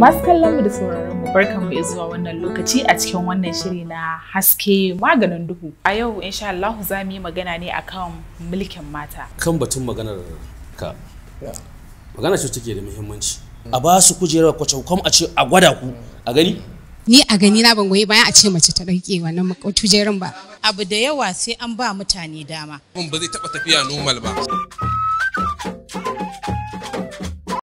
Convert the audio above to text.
Masu kallon mu da sauraron mu barkan mu zuwa wannan lokaci a cikin wannan shiri na haske maganin duhu. A yau insha Allah za mu yi magana ne akan mulkin mata. Kan batun maganar ka. Magana ce take da muhimmanci. A ba su kujerar kwacaukam a ce a gwada ku a gani? Ni a gani na ban goyi bayan a ce mace ta ɗauke wannan kujerar ba. Abu da yawa sai an ba mutane dama. Mun ba zai taɓa tafiya normal ba.